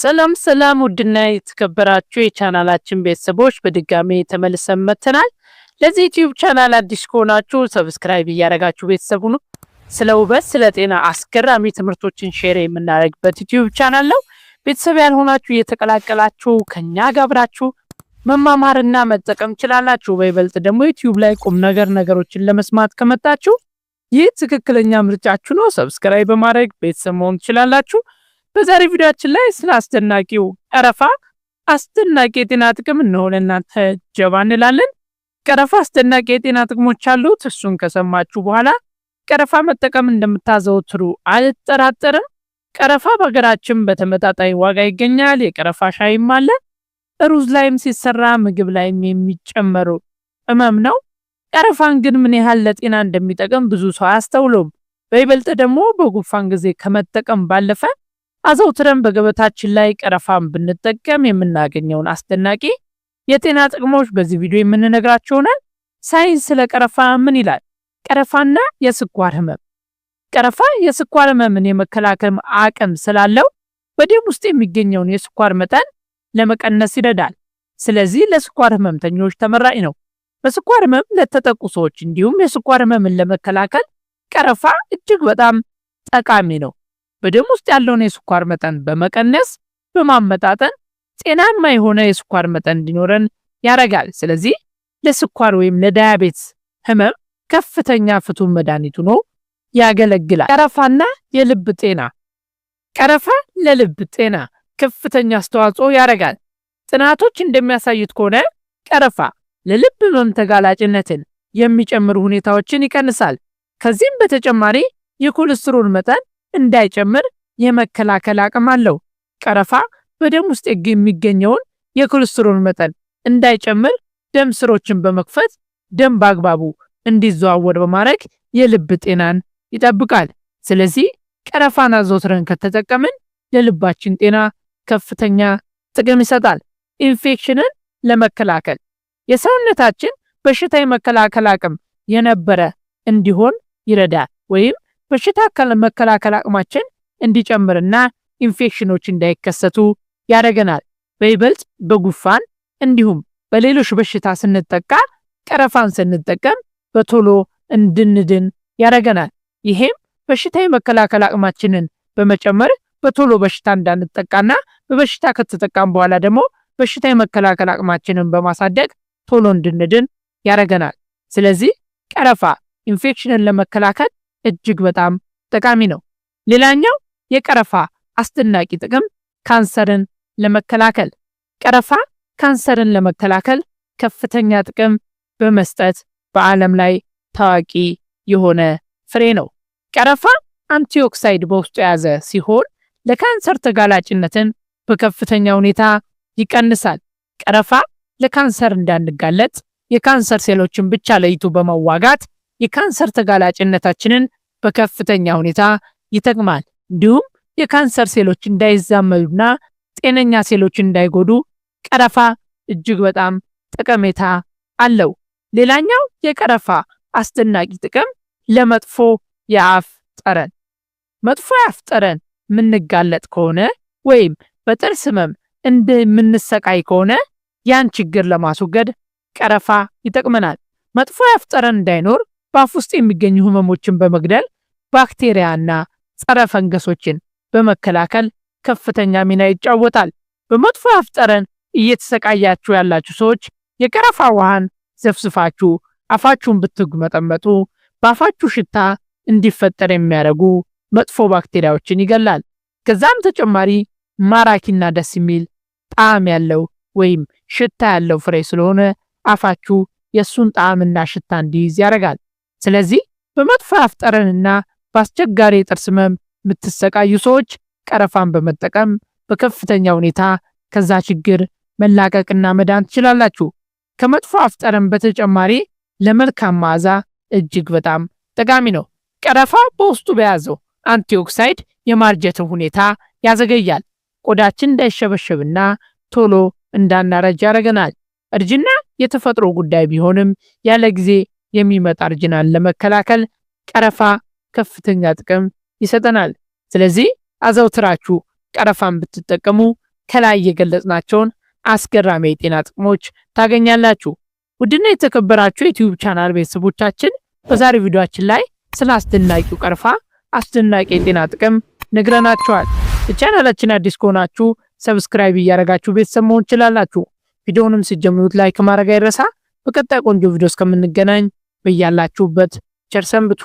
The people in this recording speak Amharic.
ሰላም ሰላም፣ ውድና የተከበራችሁ የቻናላችን ቤተሰቦች በድጋሜ ተመልሰን መጥተናል። ለዚህ ዩቲዩብ ቻናል አዲስ ከሆናችሁ ሰብስክራይብ እያደረጋችሁ ቤተሰቡ ነው። ስለ ውበት፣ ስለ ጤና አስገራሚ ትምህርቶችን ሼር የምናደርግበት ዩቲዩብ ቻናል ነው። ቤተሰብ ያልሆናችሁ እየተቀላቀላችሁ ከኛ ጋብራችሁ መማማርና መጠቀም ችላላችሁ። በይበልጥ ደግሞ ዩቲዩብ ላይ ቁም ነገር ነገሮችን ለመስማት ከመጣችሁ ይህ ትክክለኛ ምርጫችሁ ነው። ሰብስክራይብ በማድረግ ቤተሰብ መሆን ትችላላችሁ። በዛሬ ቪዲዮችን ላይ ስለ አስደናቂው ቀረፋ አስደናቂ የጤና ጥቅም እነሆ ለእናንተ ጀባ እንላለን። ቀረፋ አስደናቂ የጤና ጥቅሞች አሉት። እሱን ከሰማችሁ በኋላ ቀረፋ መጠቀም እንደምታዘወትሩ አልጠራጠርም። ቀረፋ በሀገራችን በተመጣጣኝ ዋጋ ይገኛል። የቀረፋ ሻይም አለ። ሩዝ ላይም ሲሰራ ምግብ ላይም የሚጨመሩ ቅመም ነው። ቀረፋን ግን ምን ያህል ለጤና እንደሚጠቅም ብዙ ሰው አያስተውሉም። በይበልጥ ደግሞ በጉንፋን ጊዜ ከመጠቀም ባለፈ አዘውትረን በገበታችን ላይ ቀረፋን ብንጠቀም የምናገኘውን አስደናቂ የጤና ጥቅሞች በዚህ ቪዲዮ የምንነግራችሁ ሆነን ሳይንስ ስለ ቀረፋ ምን ይላል? ቀረፋና የስኳር ህመም። ቀረፋ የስኳር ህመምን የመከላከል አቅም ስላለው በደም ውስጥ የሚገኘውን የስኳር መጠን ለመቀነስ ይረዳል። ስለዚህ ለስኳር ህመምተኞች ተመራጭ ነው። በስኳር ህመም ለተጠቁ ሰዎች እንዲሁም የስኳር ህመምን ለመከላከል ቀረፋ እጅግ በጣም ጠቃሚ ነው። በደም ውስጥ ያለውን የስኳር መጠን በመቀነስ በማመጣጠን ጤናማ የሆነ የስኳር መጠን እንዲኖረን ያደርጋል። ስለዚህ ለስኳር ወይም ለዳያቤትስ ህመም ከፍተኛ ፍቱን መድኃኒት ሆኖ ያገለግላል። ቀረፋና የልብ ጤና ቀረፋ ለልብ ጤና ከፍተኛ አስተዋጽኦ ያደርጋል። ጥናቶች እንደሚያሳዩት ከሆነ ቀረፋ ለልብ ህመም ተጋላጭነትን የሚጨምሩ ሁኔታዎችን ይቀንሳል። ከዚህም በተጨማሪ የኮሌስትሮል መጠን እንዳይጨምር የመከላከል አቅም አለው። ቀረፋ በደም ውስጥ የሚገኘውን የኮሌስትሮል መጠን እንዳይጨምር ደም ስሮችን በመክፈት ደም በአግባቡ እንዲዘዋወር በማድረግ የልብ ጤናን ይጠብቃል። ስለዚህ ቀረፋን አዘውትረን ከተጠቀምን ለልባችን ጤና ከፍተኛ ጥቅም ይሰጣል። ኢንፌክሽንን ለመከላከል የሰውነታችን በሽታ የመከላከል አቅም የነበረ እንዲሆን ይረዳል ወይም በሽታ መከላከል አቅማችን እንዲጨምርና ኢንፌክሽኖች እንዳይከሰቱ ያደርገናል። በይበልጥ በጉፋን እንዲሁም በሌሎች በሽታ ስንጠቃ ቀረፋን ስንጠቀም በቶሎ እንድንድን ያደርገናል። ይሄም በሽታ የመከላከል አቅማችንን በመጨመር በቶሎ በሽታ እንዳንጠቃና በበሽታ ከተጠቃም በኋላ ደግሞ በሽታ የመከላከል አቅማችንን በማሳደግ ቶሎ እንድንድን ያደርገናል። ስለዚህ ቀረፋ ኢንፌክሽንን ለመከላከል እጅግ በጣም ጠቃሚ ነው። ሌላኛው የቀረፋ አስደናቂ ጥቅም ካንሰርን ለመከላከል ቀረፋ ካንሰርን ለመከላከል ከፍተኛ ጥቅም በመስጠት በዓለም ላይ ታዋቂ የሆነ ፍሬ ነው። ቀረፋ አንቲኦክሳይድ በውስጡ የያዘ ሲሆን ለካንሰር ተጋላጭነትን በከፍተኛ ሁኔታ ይቀንሳል። ቀረፋ ለካንሰር እንዳንጋለጥ የካንሰር ሴሎችን ብቻ ለይቶ በመዋጋት የካንሰር ተጋላጭነታችንን በከፍተኛ ሁኔታ ይጠቅማል። እንዲሁም የካንሰር ሴሎች እንዳይዛመዱና ጤነኛ ሴሎች እንዳይጎዱ ቀረፋ እጅግ በጣም ጠቀሜታ አለው። ሌላኛው የቀረፋ አስደናቂ ጥቅም ለመጥፎ የአፍ ጠረን። መጥፎ የአፍ ጠረን የምንጋለጥ ከሆነ ወይም በጥርስ ህመም እንደምንሰቃይ ከሆነ ያን ችግር ለማስወገድ ቀረፋ ይጠቅመናል። መጥፎ የአፍ ጠረን እንዳይኖር በአፍ ውስጥ የሚገኙ ህመሞችን በመግደል ባክቴሪያና ጸረ ፈንገሶችን በመከላከል ከፍተኛ ሚና ይጫወታል። በመጥፎ አፍጠረን ጠረን እየተሰቃያችሁ ያላችሁ ሰዎች የቀረፋ ውሃን ዘፍዝፋችሁ አፋችሁን ብትጉመጠመጡ በአፋችሁ ሽታ እንዲፈጠር የሚያደርጉ መጥፎ ባክቴሪያዎችን ይገላል። ከዛም ተጨማሪ ማራኪና ደስ የሚል ጣዕም ያለው ወይም ሽታ ያለው ፍሬ ስለሆነ አፋችሁ የእሱን ጣዕምና ሽታ እንዲይዝ ያደርጋል። ስለዚህ በመጥፎ አፍ ጠረንና በአስቸጋሪ የጥርስ ህመም የምትሰቃዩ ሰዎች ቀረፋን በመጠቀም በከፍተኛ ሁኔታ ከዛ ችግር መላቀቅና መዳን ትችላላችሁ። ከመጥፎ አፍ ጠረን በተጨማሪ ለመልካም መዓዛ እጅግ በጣም ጠቃሚ ነው። ቀረፋ በውስጡ በያዘው አንቲኦክሳይድ የማርጀትን ሁኔታ ያዘገያል። ቆዳችን እንዳይሸበሸብና ቶሎ እንዳናረጅ ያደረገናል። እርጅና የተፈጥሮ ጉዳይ ቢሆንም ያለ ጊዜ የሚመጣ እርጅናን ለመከላከል ቀረፋ ከፍተኛ ጥቅም ይሰጠናል። ስለዚህ አዘውትራችሁ ቀረፋን ብትጠቀሙ ከላይ የገለጽናቸውን አስገራሚ የጤና ጥቅሞች ታገኛላችሁ። ውድና የተከበራችሁ የዩቲዩብ ቻናል ቤተሰቦቻችን በዛሬ ቪዲዮችን ላይ ስለ አስደናቂው ቀረፋ አስደናቂ የጤና ጥቅም ነግረናችኋል። ቻናላችን አዲስ ከሆናችሁ ሰብስክራይብ እያደረጋችሁ ቤተሰብ መሆን ችላላችሁ። ቪዲዮውንም ሲጀምሩት ላይክ ማድረግ አይረሳ። በቀጣይ ቆንጆ ቪዲዮ እስከምንገናኝ በያላችሁበት ቸር ሰንብቱ።